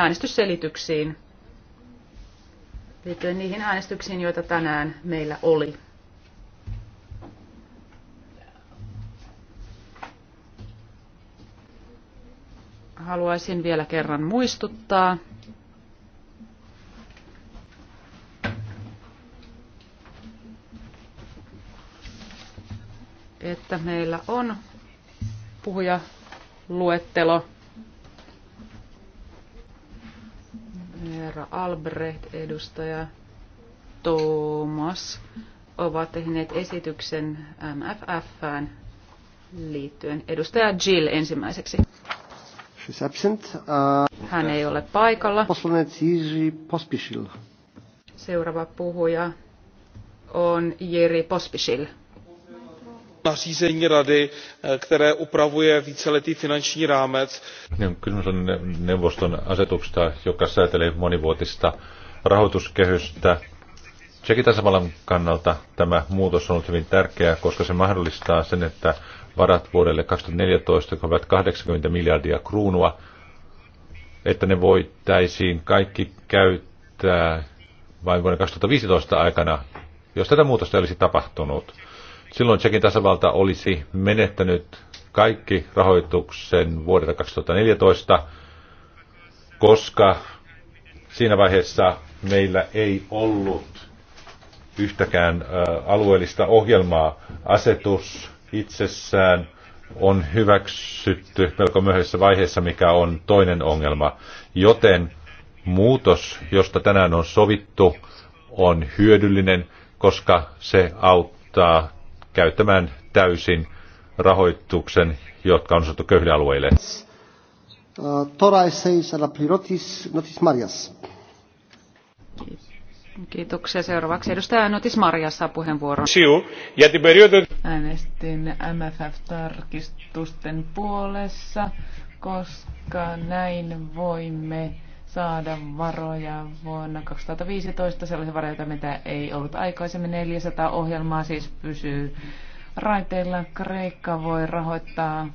äänestysselityksiin liittyen niihin äänestyksiin, joita tänään meillä oli. Haluaisin vielä kerran muistuttaa, että meillä on puhujaluettelo luettelo herra Albrecht, edustaja Thomas ovat tehneet esityksen MFFään liittyen. Edustaja Jill ensimmäiseksi. She's absent. Uh, Hän ei ole paikalla. Seuraava puhuja on Jiri Pospisil nařízení rady eh, které upravuje víceletý finanční rámec. Niin kysymys on neuvoston asetuksesta joka säätelee monivuotista rahoituskehystä. Tsekin tasavallan kannalta tämä muutos on ollut hyvin tärkeä, koska se mahdollistaa sen, että varat vuodelle 2014 ovat 80 miljardia kruunua, että ne voitaisiin kaikki käyttää vain vuoden 2015 aikana, jos tätä muutosta olisi tapahtunut Silloin Tsekin tasavalta olisi menettänyt kaikki rahoituksen vuodelta 2014, koska siinä vaiheessa meillä ei ollut yhtäkään alueellista ohjelmaa. Asetus itsessään on hyväksytty melko myöhäisessä vaiheessa, mikä on toinen ongelma. Joten muutos, josta tänään on sovittu, on hyödyllinen, koska se auttaa käyttämään täysin rahoituksen, jotka on osattu köyhille alueille. Kiitoksia. Seuraavaksi edustaja Notis Marja saa puheenvuoron. Äänestin MFF-tarkistusten puolessa, koska näin voimme saada varoja vuonna 2015, sellaisia varoja, joita mitä ei ollut aikaisemmin. 400 ohjelmaa siis pysyy raiteilla. Kreikka voi rahoittaa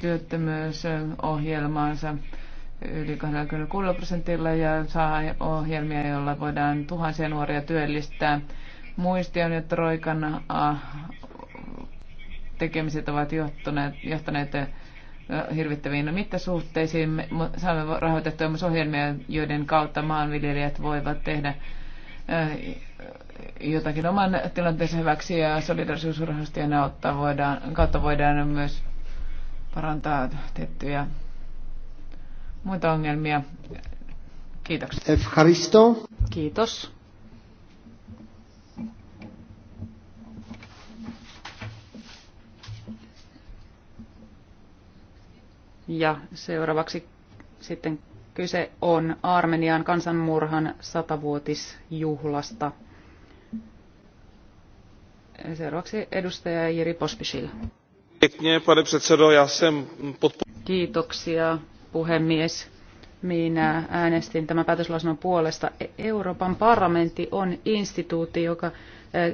työttömyysohjelmaansa yli 26 prosentilla ja saa ohjelmia, joilla voidaan tuhansia nuoria työllistää. Muistion ja Troikan ah, tekemiset ovat johtaneet, johtaneet hirvittäviin mittasuhteisiin. Saamme rahoitettua myös ohjelmia, joiden kautta maanviljelijät voivat tehdä jotakin oman tilanteensa hyväksi ja solidarisuusrahastojen voidaan, kautta voidaan myös parantaa tiettyjä muita ongelmia. Kiitoksia. Kiitos. Ja seuraavaksi sitten kyse on Armenian kansanmurhan satavuotisjuhlasta. Seuraavaksi edustaja Jiri Pospisil. Kiitoksia puhemies minä äänestin tämän päätöslausunnon puolesta. E- Euroopan parlamentti on instituutti, joka e,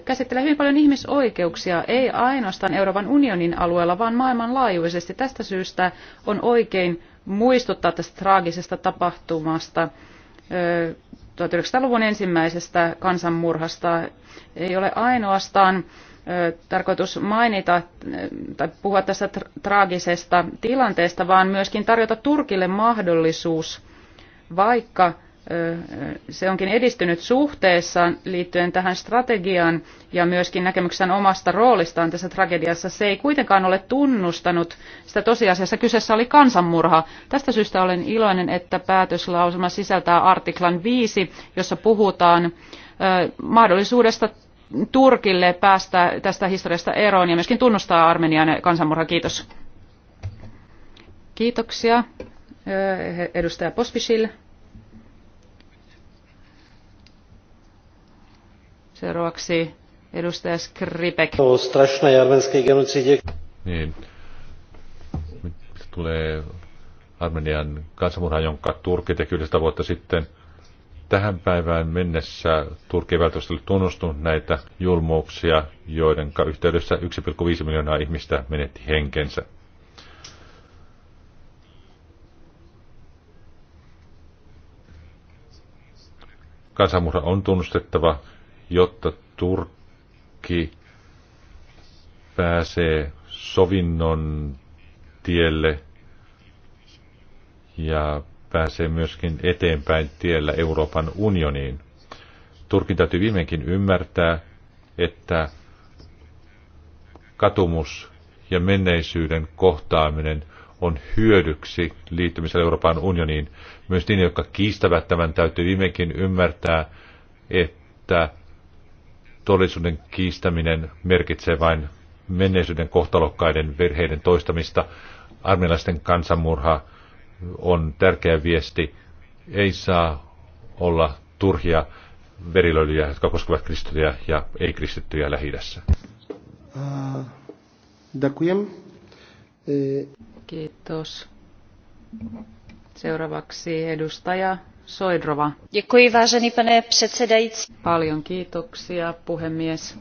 käsittelee hyvin paljon ihmisoikeuksia, ei ainoastaan Euroopan unionin alueella, vaan maailmanlaajuisesti. Tästä syystä on oikein muistuttaa tästä traagisesta tapahtumasta 1900-luvun e, ensimmäisestä kansanmurhasta. Ei ole ainoastaan tarkoitus mainita tai puhua tästä traagisesta tilanteesta, vaan myöskin tarjota Turkille mahdollisuus, vaikka se onkin edistynyt suhteessaan liittyen tähän strategiaan ja myöskin näkemyksensä omasta roolistaan tässä tragediassa. Se ei kuitenkaan ole tunnustanut sitä tosiasiassa. Kyseessä oli kansanmurha. Tästä syystä olen iloinen, että päätöslausuma sisältää artiklan 5, jossa puhutaan mahdollisuudesta Turkille päästä tästä historiasta eroon ja myöskin tunnustaa Armenian kansanmurha. Kiitos. Kiitoksia. Edustaja Pospisil. Seuraavaksi edustaja Skripek. Niin. Tulee Armenian kansanmurha, jonka Turkki teki yli vuotta sitten – tähän päivään mennessä Turkki ei välttämättä ole tunnustunut näitä julmuuksia, joiden yhteydessä 1,5 miljoonaa ihmistä menetti henkensä. Kansanmurha on tunnustettava, jotta Turkki pääsee sovinnon tielle ja pääsee myöskin eteenpäin tiellä Euroopan unioniin. Turkin täytyy viimeinkin ymmärtää, että katumus ja menneisyyden kohtaaminen on hyödyksi liittymisellä Euroopan unioniin. Myös niin, jotka kiistävät tämän, täytyy viimeinkin ymmärtää, että todellisuuden kiistäminen merkitsee vain menneisyyden kohtalokkaiden virheiden toistamista. armeilaisten kansanmurhaa on tärkeä viesti. Ei saa olla turhia verilöilyjä, jotka koskevat kristittyjä ja ei-kristittyjä lähi äh, äh. Kiitos. Seuraavaksi edustaja Soidrova. Děkuji, vážený pane předsedající. Paljon kiitoksia, puhemies.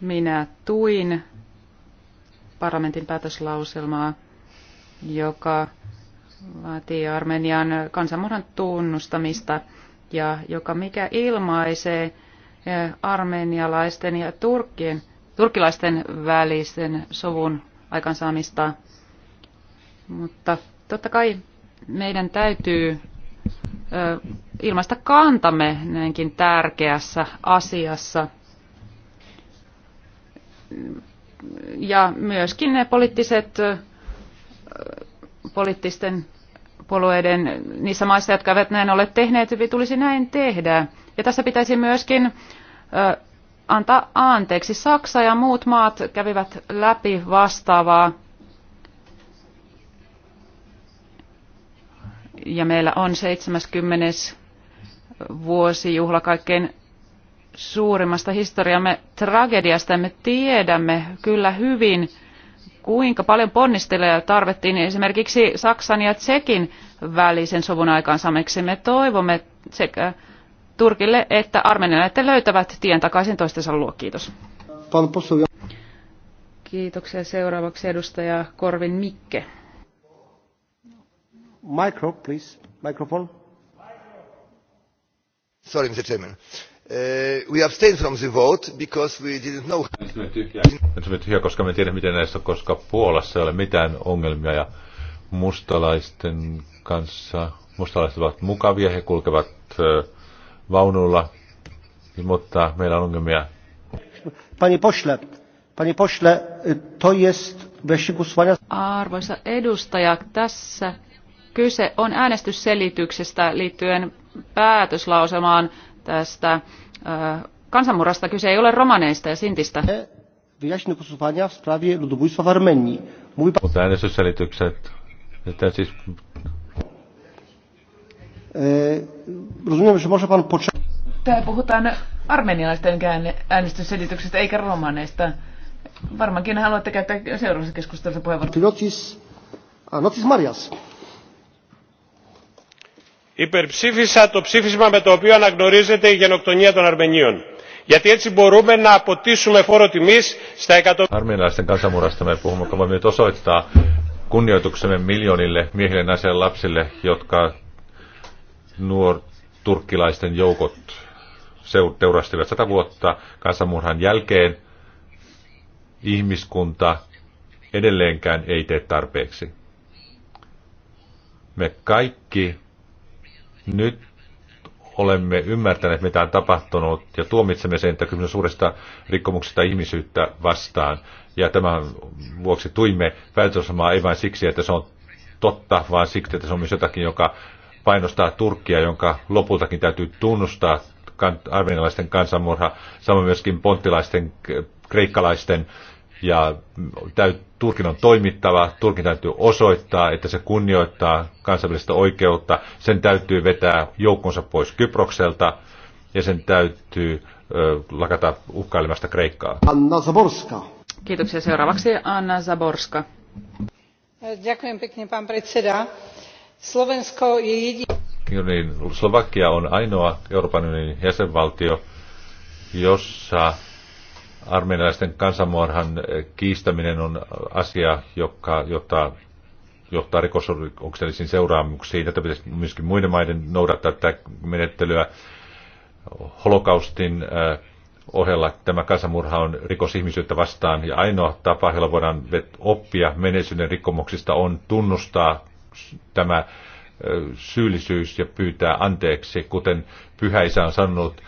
Minä tuin parlamentin päätöslauselmaa joka vaatii Armenian kansanmurhan tunnustamista ja joka mikä ilmaisee eh, armenialaisten ja turkkien, turkilaisten välisen sovun aikansaamista. Mutta totta kai meidän täytyy eh, ilmaista kantamme näinkin tärkeässä asiassa. Ja myöskin ne poliittiset eh, poliittisten puolueiden niissä maissa, jotka eivät näin ole tehneet, tulisi näin tehdä. Ja tässä pitäisi myöskin antaa anteeksi. Saksa ja muut maat kävivät läpi vastaavaa. Ja meillä on 70. vuosijuhla kaikkein suurimmasta historiamme tragediasta. Me tiedämme kyllä hyvin, kuinka paljon ponnisteluja tarvittiin esimerkiksi Saksan ja Tsekin välisen sovun aikaansaamiseksi. Me toivomme sekä Turkille että Armenialle, että löytävät tien takaisin toistensa luo. Kiitos. Kiitoksia. Seuraavaksi edustaja Korvin Mikke. Micro, please. Microphone. Sorry, Mr. Chairman. Uh, we abstained from the vote because we didn't know. Äänestimme tyhjää, koska me tiedä miten näissä, koska Puolassa ei ole mitään ongelmia ja mustalaisten kanssa, mustalaiset ovat mukavia, he kulkevat uh, vaunulla, mutta meillä on ongelmia. Pani Pošle, pani Pošle, to jest Arvoisa edustaja, tässä kyse on äänestysselityksestä liittyen päätöslausemaan tästä kansanmurrasta. Kyse ei ole romaneista ja sintistä. Mutta äänestysselitykset, että siis... Rozumiem, Täällä puhutaan armenialaisten äänestysselityksestä eikä romaneista. Varmaankin haluatte käyttää seuraavassa keskustelussa puheenvuoron. Notis, Notis Marias υπερψήφισα το ψήφισμα με το οποίο αναγνωρίζεται η γενοκτονία των Αρμενίων. Γιατί έτσι μπορούμε να αποτίσουμε φόρο τιμής στα εκατομμύρια. Armenialaisten kansanmurasta me puhumme, kun me osoittaa kunnioituksemme miljoonille miehille, naisille ja lapsille, jotka nuor turkkilaisten joukot teurastivat sata vuotta kansanmurhan jälkeen. Ihmiskunta edelleenkään ei tee tarpeeksi. Me kaikki nyt olemme ymmärtäneet, mitä on tapahtunut, ja tuomitsemme sen, että kymmenen suuresta rikkomuksesta ihmisyyttä vastaan. Ja tämän vuoksi tuimme päätösomaa ei vain siksi, että se on totta, vaan siksi, että se on myös jotakin, joka painostaa Turkkia, jonka lopultakin täytyy tunnustaa armenialaisten kansanmurha, samoin myöskin ponttilaisten, kreikkalaisten ja täyt, Turkin on toimittava, Turkin täytyy osoittaa, että se kunnioittaa kansainvälistä oikeutta, sen täytyy vetää joukkonsa pois Kyprokselta ja sen täytyy ö, lakata uhkailemasta Kreikkaa. Anna Zaborska. Kiitoksia. Seuraavaksi Anna Zaborska. Slovensko no niin, Slovakia on ainoa Euroopan unionin jäsenvaltio, jossa armenialaisten kansanmurhan kiistäminen on asia, joka, jota johtaa rikosoikeuksellisiin seuraamuksiin. Tätä pitäisi myöskin muiden maiden noudattaa tätä menettelyä. Holokaustin äh, ohella tämä kansanmurha on rikos ihmisyyttä vastaan ja ainoa tapa, jolla voidaan oppia menneisyyden rikkomuksista on tunnustaa tämä äh, syyllisyys ja pyytää anteeksi, kuten Pyhä Isä on sanonut,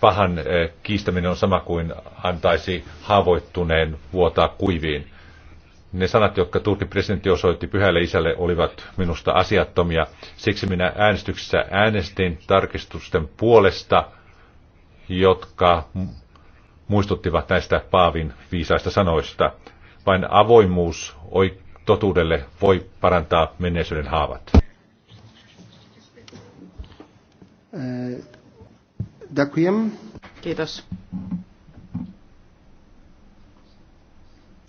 pahan eh, kiistäminen on sama kuin antaisi haavoittuneen vuotaa kuiviin. Ne sanat, jotka Turkin presidentti osoitti pyhälle isälle, olivat minusta asiattomia. Siksi minä äänestyksessä äänestin tarkistusten puolesta, jotka muistuttivat näistä Paavin viisaista sanoista. Vain avoimuus totuudelle voi parantaa menneisyyden haavat. Kiitos.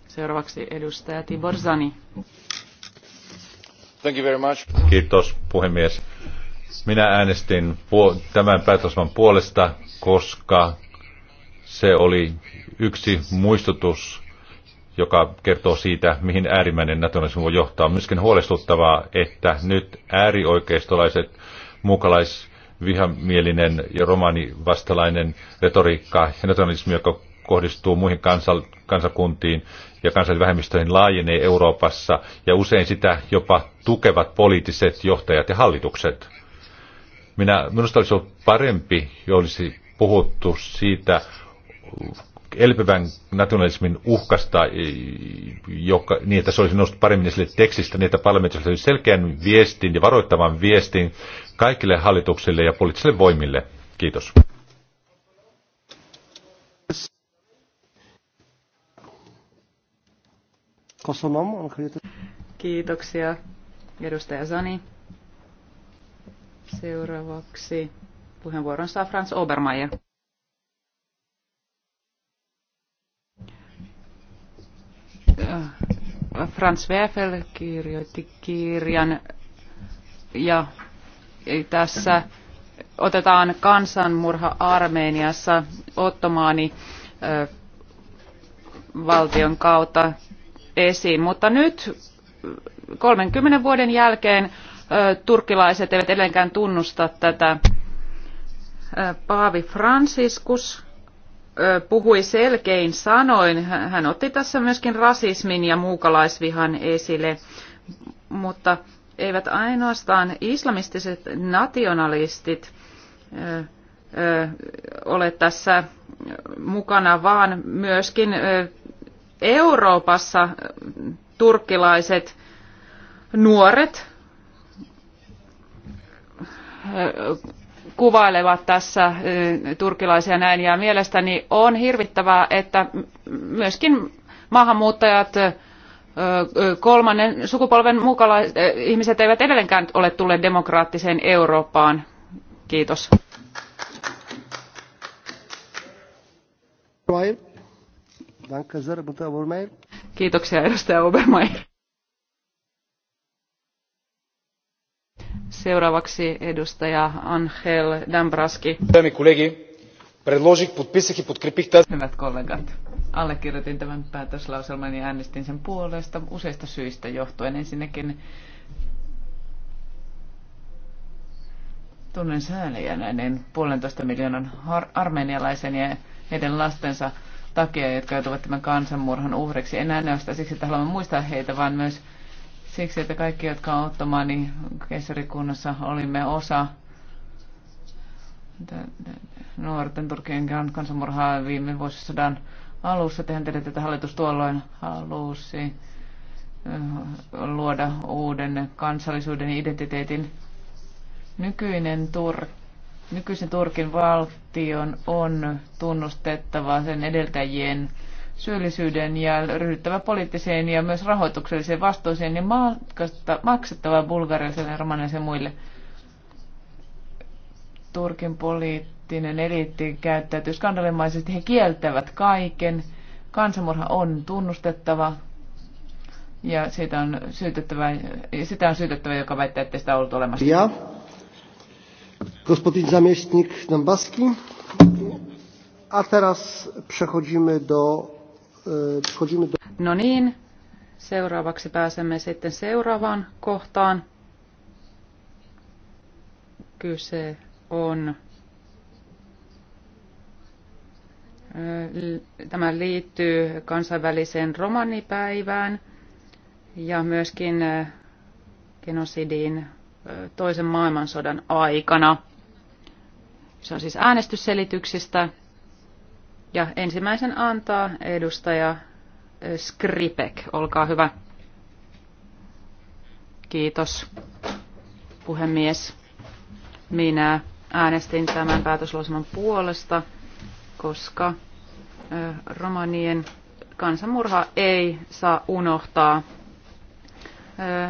Seuraavaksi edustaja Tibor Zani. Thank you very much. Kiitos puhemies. Minä äänestin tämän päätösman puolesta, koska se oli yksi muistutus, joka kertoo siitä, mihin äärimmäinen nationalismi voi johtaa. On myöskin huolestuttavaa, että nyt äärioikeistolaiset mukalais vihamielinen ja romanivastalainen retoriikka ja nationalismi, joka kohdistuu muihin kansal- kansakuntiin ja kansallisvähemmistöihin laajenee Euroopassa ja usein sitä jopa tukevat poliittiset johtajat ja hallitukset. Minä, minusta olisi ollut parempi, jos olisi puhuttu siitä elpyvän nationalismin uhkasta, e, joka, niin että se olisi noussut paremmin esille tekstistä, niin että parlamentissa olisi selkeän viestin ja varoittavan viestin kaikille hallituksille ja poliittisille voimille. Kiitos. Kiitoksia, edustaja Sani. Seuraavaksi puheenvuoron saa Franz Obermeier. Franz Werfel kirjoitti kirjan ja tässä otetaan kansanmurha Armeniassa ottomaani valtion kautta esiin. Mutta nyt 30 vuoden jälkeen turkkilaiset eivät edelleenkään tunnusta tätä. Paavi Franciscus puhui selkein sanoin. Hän otti tässä myöskin rasismin ja muukalaisvihan esille, mutta eivät ainoastaan islamistiset nationalistit ole tässä mukana, vaan myöskin Euroopassa turkkilaiset nuoret kuvailevat tässä turkilaisia näin. Ja mielestäni on hirvittävää, että myöskin maahanmuuttajat kolmannen sukupolven mukalaiset ihmiset eivät edelleenkään ole tulleet demokraattiseen Eurooppaan. Kiitos. Kiitoksia edustaja Obermeier. Seuraavaksi edustaja Angel Dambraski. Hyvät kollegat, allekirjoitin tämän päätöslauselman ja äänestin sen puolesta useista syistä johtuen. Ensinnäkin tunnen sääliä näiden puolentoista miljoonan armenialaisen ja heidän lastensa takia, jotka joutuvat tämän kansanmurhan uhriksi. En ainoastaan siksi, että haluamme muistaa heitä, vaan myös Siksi, että kaikki, jotka on ottamani keisarikunnassa, olimme osa nuorten Turkien kansanmurhaa viime vuosisadan alussa. Tehän tiedätte, että hallitus tuolloin halusi luoda uuden kansallisuuden identiteetin. Nykyinen Tur- nykyisen Turkin valtion on tunnustettava sen edeltäjien syyllisyyden ja ryhdyttävä poliittiseen ja myös rahoitukselliseen vastuuseen ja maksettava bulgarialaisille ja muille. Turkin poliittinen eliitti käyttäytyy skandalimaisesti. He kieltävät kaiken. Kansanmurha on tunnustettava ja siitä on syytettävä, sitä on syytettävä, joka väittää, että sitä on ollut olemassa. Ja gospodin zamiestnik Dambaski. A teraz przechodzimy do No niin, seuraavaksi pääsemme sitten seuraavaan kohtaan. Kyse on Tämä liittyy kansainväliseen romanipäivään ja myöskin genosidiin toisen maailmansodan aikana. Se on siis äänestysselityksistä ja ensimmäisen antaa edustaja eh, Skripek. Olkaa hyvä. Kiitos, puhemies. Minä äänestin tämän päätöslauselman puolesta, koska eh, romanien kansanmurha ei saa unohtaa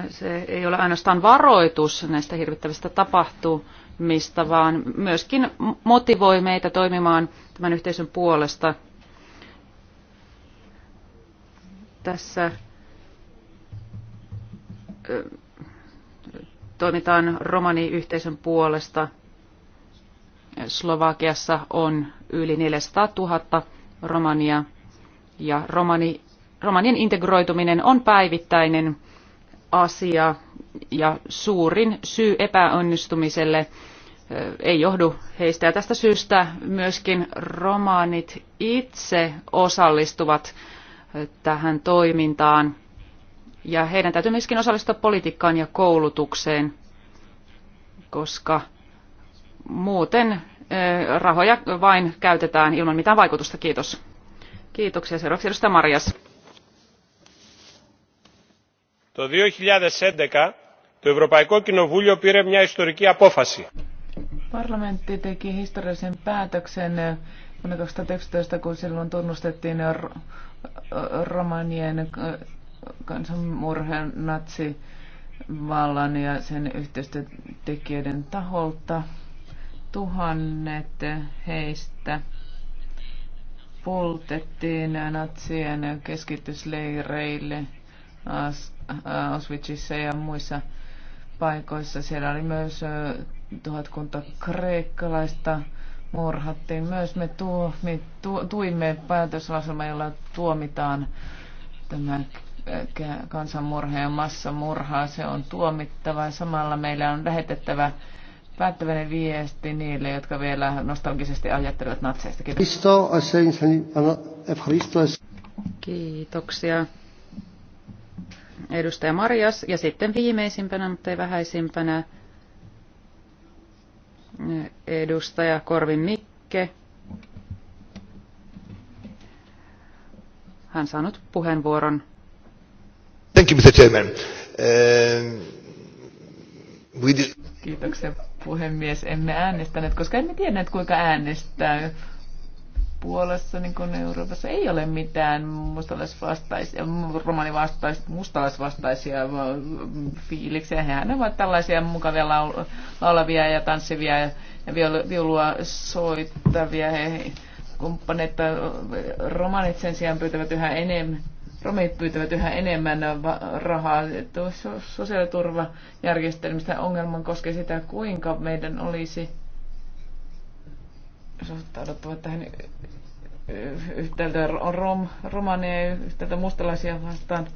se ei ole ainoastaan varoitus näistä hirvittävistä tapahtumista, vaan myöskin motivoi meitä toimimaan tämän yhteisön puolesta. Tässä toimitaan romaniyhteisön puolesta. Slovakiassa on yli 400 000 romania ja romani, romanien integroituminen on päivittäinen asia ja suurin syy epäonnistumiselle ei johdu heistä. Ja tästä syystä myöskin romaanit itse osallistuvat tähän toimintaan. Ja heidän täytyy myöskin osallistua politiikkaan ja koulutukseen, koska muuten rahoja vain käytetään ilman mitään vaikutusta. Kiitos. Kiitoksia. Seuraavaksi edustaja Marjas το έντεκα το Ευρωπαϊκό Κοινοβούλιο πήρε μια ιστορική απόφαση. Parlamentti teki historiallisen päätöksen vuonna 2011, kun silloin tunnustettiin romanien kansanmurhan natsivallan ja sen yhteistyötekijöiden taholta. Tuhannet heistä poltettiin natsien keskitysleireille asti Äh, Auschwitzissa ja muissa paikoissa. Siellä oli myös äh, tuhatkunta kreikkalaista murhattiin. Myös me, tuo, me tu, tuimme päätöslaselma, jolla tuomitaan tämä äh, kansanmurha ja massamurha. Se on tuomittava. Samalla meillä on lähetettävä päättäväinen viesti niille, jotka vielä nostalgisesti ajattelevat natseista. Kiitos. Kiitoksia edustaja Marjas ja sitten viimeisimpänä, mutta ei vähäisimpänä, edustaja Korvin Mikke. Hän saa nyt puheenvuoron. Thank you, Mr. Chairman. Uh, we did... Kiitoksia puhemies. Emme äänestäneet, koska emme tienneet kuinka äänestää. Puolassa, niin kuin Euroopassa, ei ole mitään mustalaisvastaisia, romanivastaisia, mustalaisvastaisia fiiliksiä. Hehän ovat tällaisia mukavia laulavia ja tanssivia ja viulua soittavia. He, kumppaneita, äh, romanit sen sijaan pyytävät yhä enemmän romit pyytävät yhä enemmän rahaa sosiaaliturvajärjestelmistä. Ongelman koskee sitä, kuinka meidän olisi suhtauduttava tähän yhtäältä rom, romaneja ja yhtäältä mustalaisia vastaan.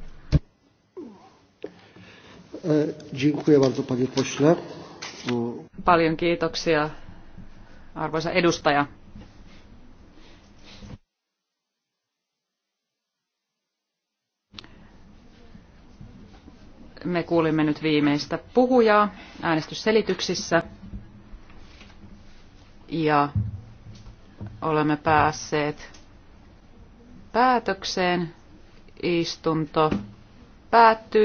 E, dziękuję bardzo, panie pośle. Paljon kiitoksia, arvoisa edustaja. Me kuulimme nyt viimeistä puhujaa äänestysselityksissä. Ja olemme päässeet päätökseen. Istunto päättyy.